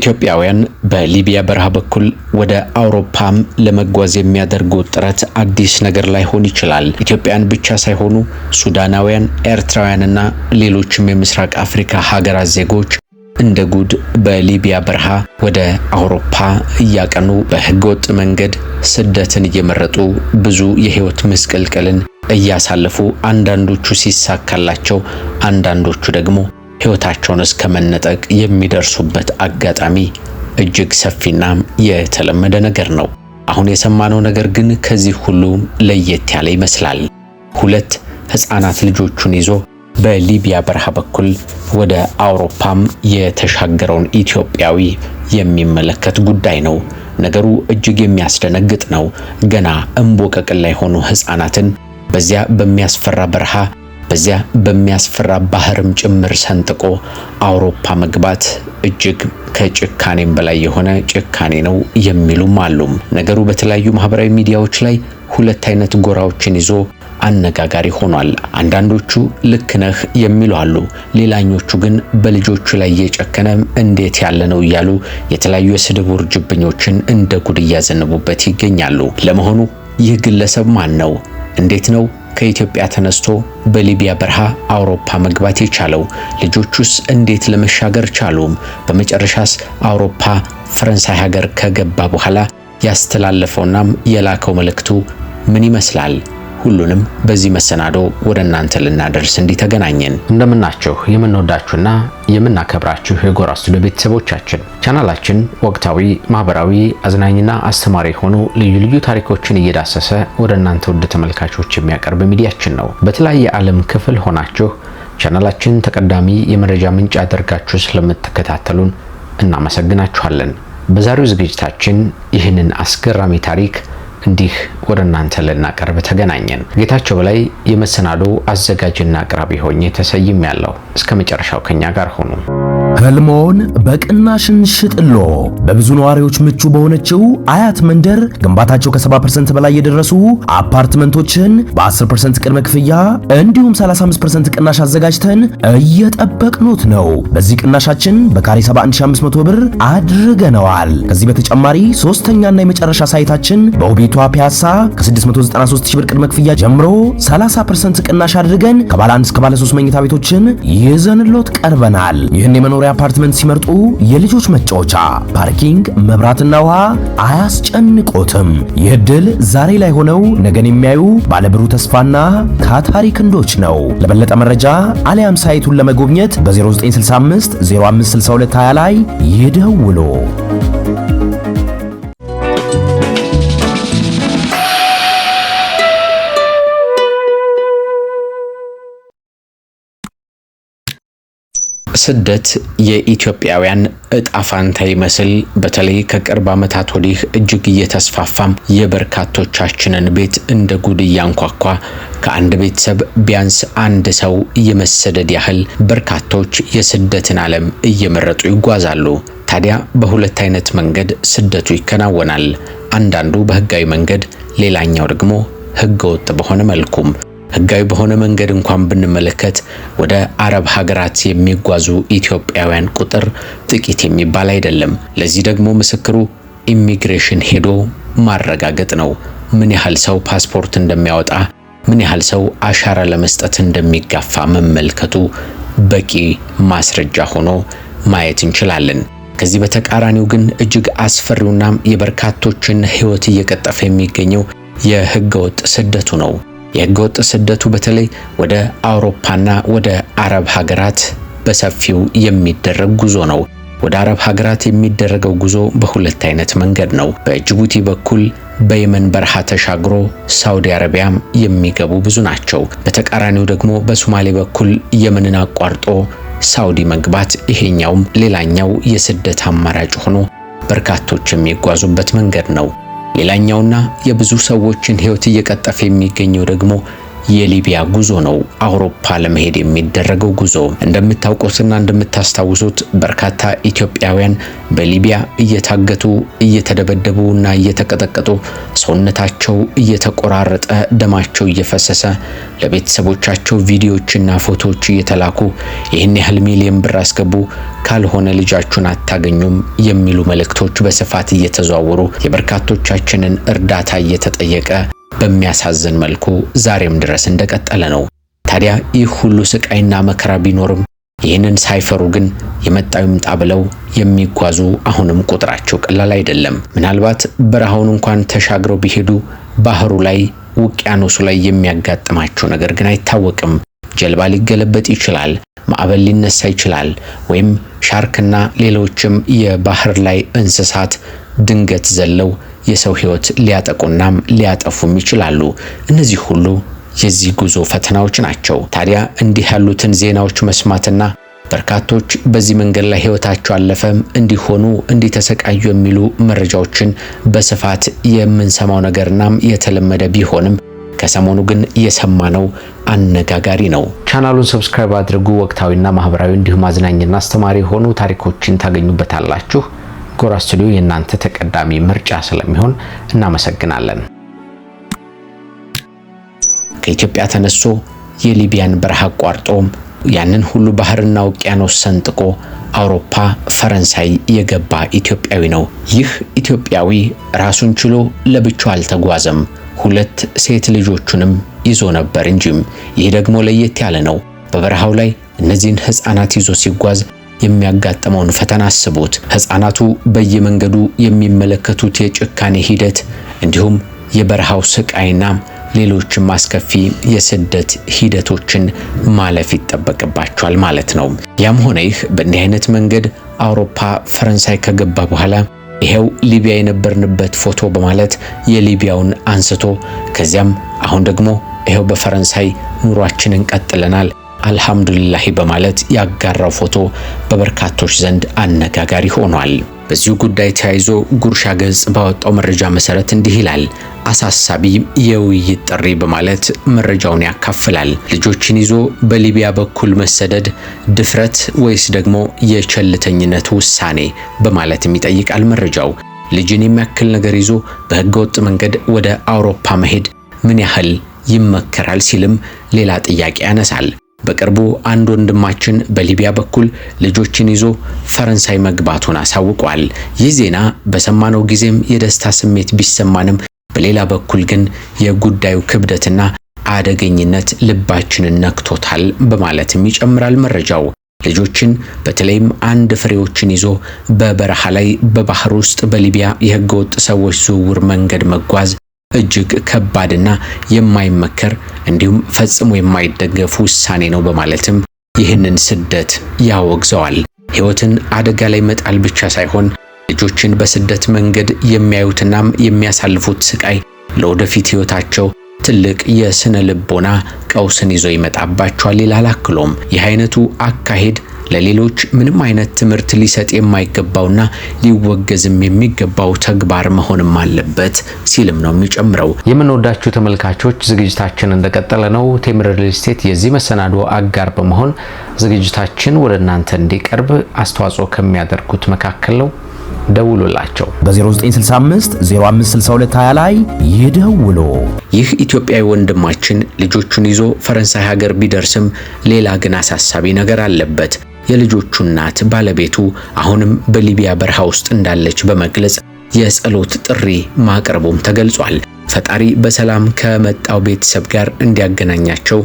ኢትዮጵያውያን በሊቢያ በረሃ በኩል ወደ አውሮፓም ለመጓዝ የሚያደርጉ ጥረት አዲስ ነገር ላይሆን ይችላል። ኢትዮጵያን ብቻ ሳይሆኑ ሱዳናውያን፣ ኤርትራውያንና ሌሎችም የምስራቅ አፍሪካ ሀገራት ዜጎች እንደ ጉድ በሊቢያ በረሃ ወደ አውሮፓ እያቀኑ በህገወጥ መንገድ ስደትን እየመረጡ ብዙ የህይወት ምስቅልቅልን እያሳለፉ አንዳንዶቹ ሲሳካላቸው፣ አንዳንዶቹ ደግሞ ህይወታቸውን እስከ መነጠቅ የሚደርሱበት አጋጣሚ እጅግ ሰፊና የተለመደ ነገር ነው። አሁን የሰማነው ነገር ግን ከዚህ ሁሉ ለየት ያለ ይመስላል። ሁለት ህፃናት ልጆቹን ይዞ በሊቢያ በረሃ በኩል ወደ አውሮፓም የተሻገረውን ኢትዮጵያዊ የሚመለከት ጉዳይ ነው። ነገሩ እጅግ የሚያስደነግጥ ነው። ገና እምቦቀቅል ላይ ሆኑ ህፃናትን በዚያ በሚያስፈራ በረሃ በዚያ በሚያስፈራ ባህርም ጭምር ሰንጥቆ አውሮፓ መግባት እጅግ ከጭካኔም በላይ የሆነ ጭካኔ ነው የሚሉም አሉ። ነገሩ በተለያዩ ማህበራዊ ሚዲያዎች ላይ ሁለት አይነት ጎራዎችን ይዞ አነጋጋሪ ሆኗል። አንዳንዶቹ ልክ ነህ የሚሉ አሉ። ሌላኞቹ ግን በልጆቹ ላይ እየጨከነ እንዴት ያለ ነው እያሉ የተለያዩ የስድብ ውርጅብኞችን እንደ ጉድ እያዘንቡበት ይገኛሉ። ለመሆኑ ይህ ግለሰብ ማን ነው? እንዴት ነው ከኢትዮጵያ ተነስቶ በሊቢያ በረሃ አውሮፓ መግባት የቻለው? ልጆቹስ እንዴት ለመሻገር ቻሉም? በመጨረሻስ አውሮፓ ፈረንሳይ ሀገር ከገባ በኋላ ያስተላለፈውናም የላከው መልእክቱ ምን ይመስላል? ሁሉንም በዚህ መሰናዶ ወደ እናንተ ልናደርስ እንዲተገናኘን እንደምናችሁ የምንወዳችሁና የምናከብራችሁ የጎራ ስቱዲዮ ቤተሰቦቻችን ቻናላችን ወቅታዊ፣ ማህበራዊ፣ አዝናኝና አስተማሪ የሆኑ ልዩ ልዩ ታሪኮችን እየዳሰሰ ወደ እናንተ ውድ ተመልካቾች የሚያቀርብ ሚዲያችን ነው። በተለያየ ዓለም ክፍል ሆናችሁ ቻናላችን ተቀዳሚ የመረጃ ምንጭ አድርጋችሁ ስለምትከታተሉን እናመሰግናችኋለን። በዛሬው ዝግጅታችን ይህንን አስገራሚ ታሪክ እንዲህ ወደ እናንተ ልናቀርብ ተገናኘን። ጌታቸው በላይ የመሰናዶ አዘጋጅና አቅራቢ ሆኜ ተሰይም ያለው እስከ መጨረሻው ከኛ ጋር ሆኑ። ህልሞን በቅናሽን ሽጥሎ በብዙ ነዋሪዎች ምቹ በሆነችው አያት መንደር ግንባታቸው ከ70% በላይ የደረሱ አፓርትመንቶችን በ10% ቅድመ ክፍያ እንዲሁም 35% ቅናሽ አዘጋጅተን እየጠበቅኖት ነው። በዚህ ቅናሻችን በካሬ 71500 ብር አድርገነዋል። ከዚህ በተጨማሪ ሶስተኛና የመጨረሻ ሳይታችን በውቤቷ ፒያሳ ከ693 ሺህ ብር ቅድመ ክፍያ ጀምሮ 30% ቅናሽ አድርገን ከባለ አንድ እስከ ባለ 3 መኝታ ቤቶችን ይዘንሎት ቀርበናል። ይህን የመኖሪያ አፓርትመንት ሲመርጡ የልጆች መጫወቻ፣ ፓርኪንግ፣ መብራትና ውሃ አያስጨንቆትም። ይህ ዕድል ዛሬ ላይ ሆነው ነገን የሚያዩ ባለብሩህ ተስፋና ካታሪ ክንዶች ነው። ለበለጠ መረጃ አሊያም ሳይቱን ለመጎብኘት በ0965 056220 ላይ ይደውሉ። ስደት የኢትዮጵያውያን እጣ ፋንታ ይመስል በተለይ ከቅርብ ዓመታት ወዲህ እጅግ እየተስፋፋም የበርካቶቻችንን ቤት እንደ ጉድ እያንኳኳ ከአንድ ቤተሰብ ቢያንስ አንድ ሰው የመሰደድ ያህል በርካቶች የስደትን ዓለም እየመረጡ ይጓዛሉ። ታዲያ በሁለት አይነት መንገድ ስደቱ ይከናወናል። አንዳንዱ በህጋዊ መንገድ፣ ሌላኛው ደግሞ ህገወጥ በሆነ መልኩም ህጋዊ በሆነ መንገድ እንኳን ብንመለከት ወደ አረብ ሀገራት የሚጓዙ ኢትዮጵያውያን ቁጥር ጥቂት የሚባል አይደለም። ለዚህ ደግሞ ምስክሩ ኢሚግሬሽን ሄዶ ማረጋገጥ ነው። ምን ያህል ሰው ፓስፖርት እንደሚያወጣ ምን ያህል ሰው አሻራ ለመስጠት እንደሚጋፋ መመልከቱ በቂ ማስረጃ ሆኖ ማየት እንችላለን። ከዚህ በተቃራኒው ግን እጅግ አስፈሪውና የበርካቶችን ህይወት እየቀጠፈ የሚገኘው የህገወጥ ስደቱ ነው። የህገወጥ ስደቱ በተለይ ወደ አውሮፓና ወደ አረብ ሀገራት በሰፊው የሚደረግ ጉዞ ነው። ወደ አረብ ሀገራት የሚደረገው ጉዞ በሁለት አይነት መንገድ ነው። በጅቡቲ በኩል በየመን በረሃ ተሻግሮ ሳውዲ አረቢያም የሚገቡ ብዙ ናቸው። በተቃራኒው ደግሞ በሶማሌ በኩል የመንን አቋርጦ ሳውዲ መግባት፣ ይሄኛውም ሌላኛው የስደት አማራጭ ሆኖ በርካቶች የሚጓዙበት መንገድ ነው። ሌላኛውና የብዙ ሰዎችን ህይወት እየቀጠፈ የሚገኘው ደግሞ የሊቢያ ጉዞ ነው አውሮፓ ለመሄድ የሚደረገው ጉዞ። እንደምታውቁትና እንደምታስታውሱት በርካታ ኢትዮጵያውያን በሊቢያ እየታገቱ እየተደበደቡና እየተቀጠቀጡ ሰውነታቸው እየተቆራረጠ ደማቸው እየፈሰሰ ለቤተሰቦቻቸው ቪዲዮዎችና ፎቶዎች እየተላኩ ይህን ያህል ሚሊዮን ብር አስገቡ ካልሆነ ልጃችሁን አታገኙም የሚሉ መልእክቶች በስፋት እየተዘዋወሩ የበርካቶቻችንን እርዳታ እየተጠየቀ በሚያሳዝን መልኩ ዛሬም ድረስ እንደቀጠለ ነው። ታዲያ ይህ ሁሉ ስቃይና መከራ ቢኖርም ይህንን ሳይፈሩ ግን የመጣው ይምጣ ብለው የሚጓዙ አሁንም ቁጥራቸው ቀላል አይደለም። ምናልባት በረሃውን እንኳን ተሻግረው ቢሄዱ ባህሩ ላይ ውቅያኖሱ ላይ የሚያጋጥማቸው ነገር ግን አይታወቅም። ጀልባ ሊገለበጥ ይችላል፣ ማዕበል ሊነሳ ይችላል፣ ወይም ሻርክና ሌሎችም የባህር ላይ እንስሳት ድንገት ዘለው የሰው ህይወት ሊያጠቁናም ሊያጠፉም ይችላሉ። እነዚህ ሁሉ የዚህ ጉዞ ፈተናዎች ናቸው። ታዲያ እንዲህ ያሉትን ዜናዎች መስማትና በርካቶች በዚህ መንገድ ላይ ህይወታቸው አለፈም እንዲሆኑ እንዲተሰቃዩ የሚሉ መረጃዎችን በስፋት የምንሰማው ነገርናም የተለመደ ቢሆንም ከሰሞኑ ግን የሰማነው አነጋጋሪ ነው። ቻናሉን ሰብስክራይብ አድርጉ። ወቅታዊና ማህበራዊ እንዲሁም አዝናኝና አስተማሪ የሆኑ ታሪኮችን ታገኙበታላችሁ። ጎራ ስቱዲዮ የእናንተ ተቀዳሚ ምርጫ ስለሚሆን እናመሰግናለን። ከኢትዮጵያ ተነስቶ የሊቢያን በረሃ አቋርጦ ያንን ሁሉ ባህርና ውቅያኖስ ሰንጥቆ አውሮፓ ፈረንሳይ የገባ ኢትዮጵያዊ ነው። ይህ ኢትዮጵያዊ ራሱን ችሎ ለብቻው አልተጓዘም። ሁለት ሴት ልጆቹንም ይዞ ነበር እንጂም። ይህ ደግሞ ለየት ያለ ነው። በበረሃው ላይ እነዚህን ሕፃናት ይዞ ሲጓዝ የሚያጋጥመውን ፈተና አስቡት። ሕፃናቱ በየመንገዱ የሚመለከቱት የጭካኔ ሂደት እንዲሁም የበረሃው ስቃይና ሌሎችም አስከፊ የስደት ሂደቶችን ማለፍ ይጠበቅባቸዋል ማለት ነው። ያም ሆነ ይህ በእንዲህ አይነት መንገድ አውሮፓ ፈረንሳይ ከገባ በኋላ ይሄው ሊቢያ የነበርንበት ፎቶ በማለት የሊቢያውን አንስቶ ከዚያም አሁን ደግሞ ይሄው በፈረንሳይ ኑሯችንን ቀጥለናል አልሐምዱሊላሂ በማለት ያጋራው ፎቶ በበርካቶች ዘንድ አነጋጋሪ ሆኗል። በዚሁ ጉዳይ ተያይዞ ጉርሻ ገጽ ባወጣው መረጃ መሰረት እንዲህ ይላል። አሳሳቢ የውይይት ጥሪ በማለት መረጃውን ያካፍላል። ልጆችን ይዞ በሊቢያ በኩል መሰደድ ድፍረት ወይስ ደግሞ የቸልተኝነት ውሳኔ በማለትም ይጠይቃል መረጃው። ልጅን የሚያክል ነገር ይዞ በህገወጥ መንገድ ወደ አውሮፓ መሄድ ምን ያህል ይመከራል ሲልም ሌላ ጥያቄ ያነሳል። በቅርቡ አንድ ወንድማችን በሊቢያ በኩል ልጆችን ይዞ ፈረንሳይ መግባቱን አሳውቋል። ይህ ዜና በሰማነው ጊዜም የደስታ ስሜት ቢሰማንም በሌላ በኩል ግን የጉዳዩ ክብደትና አደገኝነት ልባችንን ነክቶታል በማለትም ይጨምራል መረጃው። ልጆችን በተለይም አንድ ፍሬዎችን ይዞ በበረሃ ላይ፣ በባህር ውስጥ በሊቢያ የህገወጥ ሰዎች ዝውውር መንገድ መጓዝ እጅግ ከባድና የማይመከር እንዲሁም ፈጽሞ የማይደገፍ ውሳኔ ነው በማለትም ይህንን ስደት ያወግዘዋል። ሕይወትን አደጋ ላይ መጣል ብቻ ሳይሆን ልጆችን በስደት መንገድ የሚያዩትናም የሚያሳልፉት ስቃይ ለወደፊት ሕይወታቸው ትልቅ የስነ ልቦና ቀውስን ይዞ ይመጣባቸዋል ይላል አክሎም። ይህ አይነቱ አካሄድ ለሌሎች ምንም አይነት ትምህርት ሊሰጥ የማይገባውና ሊወገዝም የሚገባው ተግባር መሆንም አለበት ሲልም ነው የሚጨምረው። የምንወዳችሁ ተመልካቾች ዝግጅታችን እንደቀጠለ ነው። ቴምር ሪል ስቴት የዚህ መሰናዶ አጋር በመሆን ዝግጅታችን ወደ እናንተ እንዲቀርብ አስተዋጽኦ ከሚያደርጉት መካከል ነው። ደውሉላቸው። በ0965 ላይ ይደውሉ። ይህ ኢትዮጵያዊ ወንድማችን ልጆቹን ይዞ ፈረንሳይ ሀገር ቢደርስም ሌላ ግን አሳሳቢ ነገር አለበት። የልጆቹ እናት ባለቤቱ አሁንም በሊቢያ በረሃ ውስጥ እንዳለች በመግለጽ የጸሎት ጥሪ ማቅረቡም ተገልጿል። ፈጣሪ በሰላም ከመጣው ቤተሰብ ጋር እንዲያገናኛቸው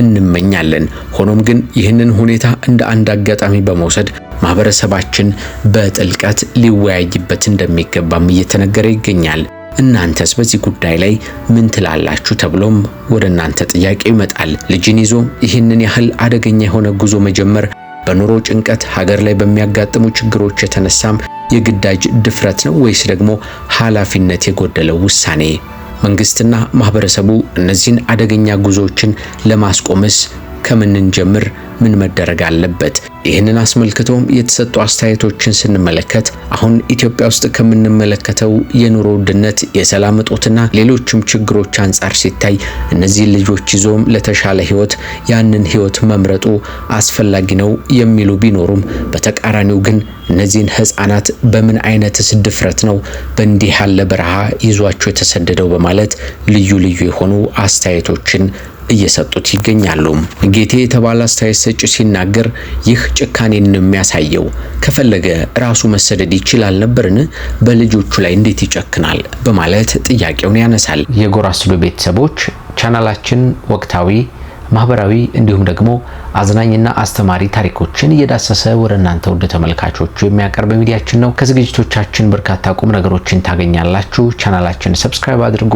እንመኛለን። ሆኖም ግን ይህንን ሁኔታ እንደ አንድ አጋጣሚ በመውሰድ ማህበረሰባችን በጥልቀት ሊወያይበት እንደሚገባም እየተነገረ ይገኛል። እናንተስ በዚህ ጉዳይ ላይ ምን ትላላችሁ? ተብሎም ወደ እናንተ ጥያቄ ይመጣል። ልጅን ይዞ ይህንን ያህል አደገኛ የሆነ ጉዞ መጀመር በኑሮ ጭንቀት ሀገር ላይ በሚያጋጥሙ ችግሮች የተነሳም የግዳጅ ድፍረት ነው ወይስ ደግሞ ኃላፊነት የጎደለው ውሳኔ? መንግስትና ማህበረሰቡ እነዚህን አደገኛ ጉዞዎችን ለማስቆምስ ከምንን ጀምር ምን መደረግ አለበት? ይህንን አስመልክቶም የተሰጡ አስተያየቶችን ስንመለከት አሁን ኢትዮጵያ ውስጥ ከምንመለከተው የኑሮ ውድነት፣ የሰላም እጦትና ሌሎችም ችግሮች አንጻር ሲታይ እነዚህ ልጆች ይዞም ለተሻለ ህይወት ያንን ህይወት መምረጡ አስፈላጊ ነው የሚሉ ቢኖሩም በተቃራኒው ግን እነዚህን ህፃናት በምን አይነትስ ድፍረት ነው በእንዲህ ያለ በረሃ ይዟቸው የተሰደደው በማለት ልዩ ልዩ የሆኑ አስተያየቶችን እየሰጡት ይገኛሉ። ጌቴ የተባለ አስተያየት ሰጪ ሲናገር ይህ ጭካኔን የሚያሳየው ከፈለገ ራሱ መሰደድ ይችላል ነበርን? በልጆቹ ላይ እንዴት ይጨክናል? በማለት ጥያቄውን ያነሳል። የጎራ ስቱዲዮ ቤተሰቦች ቻናላችን ወቅታዊ ማህበራዊ እንዲሁም ደግሞ አዝናኝና አስተማሪ ታሪኮችን እየዳሰሰ ወደ እናንተ ውድ ተመልካቾቹ የሚያቀርብ ሚዲያችን ነው። ከዝግጅቶቻችን በርካታ ቁም ነገሮችን ታገኛላችሁ። ቻናላችን ሰብስክራይብ አድርጉ።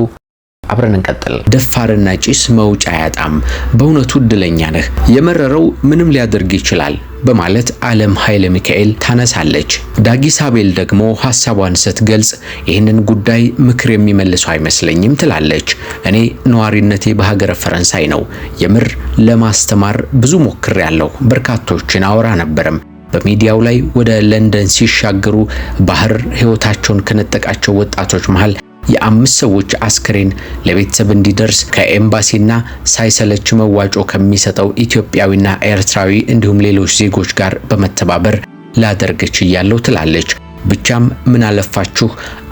አብረን እንቀጥል። ደፋርና ጭስ መውጫ አያጣም። በእውነቱ እድለኛ ነህ። የመረረው ምንም ሊያደርግ ይችላል በማለት ዓለም ኃይለ ሚካኤል ታነሳለች። ዳጊስ አቤል ደግሞ ሐሳቧን ስትገልጽ ይህንን ጉዳይ ምክር የሚመልሰው አይመስለኝም ትላለች። እኔ ነዋሪነቴ በሀገረ ፈረንሳይ ነው። የምር ለማስተማር ብዙ ሞክር ያለው በርካቶችን አወራ ነበርም በሚዲያው ላይ ወደ ለንደን ሲሻገሩ ባህር ሕይወታቸውን ከነጠቃቸው ወጣቶች መሃል የአምስት ሰዎች አስክሬን ለቤተሰብ እንዲደርስ ከኤምባሲና ሳይሰለች መዋጮ ከሚሰጠው ኢትዮጵያዊና ኤርትራዊ እንዲሁም ሌሎች ዜጎች ጋር በመተባበር ላደርገች እያለው ትላለች። ብቻም ምን አለፋችሁ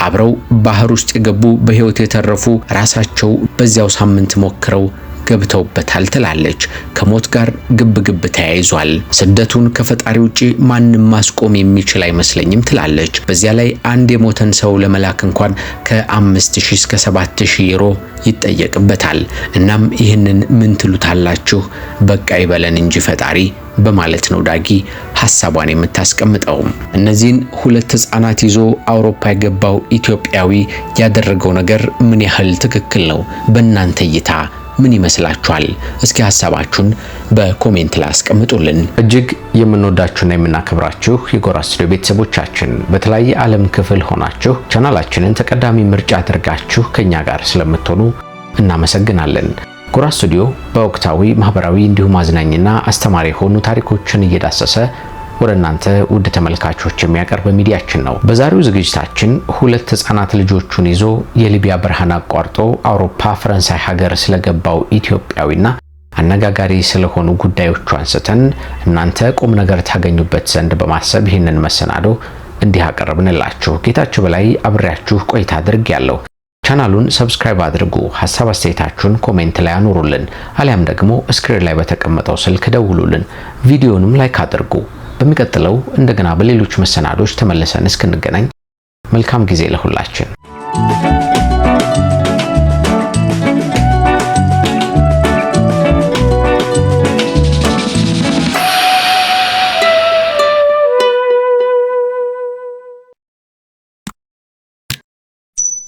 አብረው ባህር ውስጥ የገቡ በሕይወት የተረፉ ራሳቸው በዚያው ሳምንት ሞክረው ገብተውበታል ትላለች። ከሞት ጋር ግብ ግብ ተያይዟል። ስደቱን ከፈጣሪ ውጪ ማንም ማስቆም የሚችል አይመስለኝም ትላለች። በዚያ ላይ አንድ የሞተን ሰው ለመላክ እንኳን ከ 5000 እስከ 7000 ዩሮ ይጠየቅበታል። እናም ይህንን ምን ትሉታላችሁ? በቃ ይበለን እንጂ ፈጣሪ በማለት ነው ዳጊ ሐሳቧን የምታስቀምጠው። እነዚህን ሁለት ህጻናት ይዞ አውሮፓ የገባው ኢትዮጵያዊ ያደረገው ነገር ምን ያህል ትክክል ነው በእናንተ እይታ? ምን ይመስላችኋል? እስኪ ሀሳባችሁን በኮሜንት ላይ አስቀምጡልን። እጅግ የምንወዳችሁና የምናከብራችሁ የጎራ ስቱዲዮ ቤተሰቦቻችን በተለያየ ዓለም ክፍል ሆናችሁ ቻናላችንን ተቀዳሚ ምርጫ አድርጋችሁ ከኛ ጋር ስለምትሆኑ እናመሰግናለን። ጎራ ስቱዲዮ በወቅታዊ ማህበራዊ፣ እንዲሁም አዝናኝና አስተማሪ የሆኑ ታሪኮችን እየዳሰሰ ወደ እናንተ ውድ ተመልካቾች የሚያቀርብ ሚዲያችን ነው። በዛሬው ዝግጅታችን ሁለት ህጻናት ልጆቹን ይዞ የሊቢያ ብርሃን አቋርጦ አውሮፓ ፈረንሳይ ሀገር ስለገባው ኢትዮጵያዊና አነጋጋሪ ስለሆኑ ጉዳዮቹ አንስተን እናንተ ቁም ነገር ታገኙበት ዘንድ በማሰብ ይህንን መሰናዶ እንዲህ አቀርብንላችሁ። ጌታችሁ በላይ አብሬያችሁ ቆይታ አድርግ ያለው ቻናሉን ሰብስክራይብ አድርጉ። ሀሳብ አስተያየታችሁን ኮሜንት ላይ አኑሩልን፣ አሊያም ደግሞ ስክሪን ላይ በተቀመጠው ስልክ ደውሉልን። ቪዲዮንም ላይክ አድርጉ። በሚቀጥለው እንደገና በሌሎች መሰናዶች ተመልሰን እስክንገናኝ መልካም ጊዜ ለሁላችን።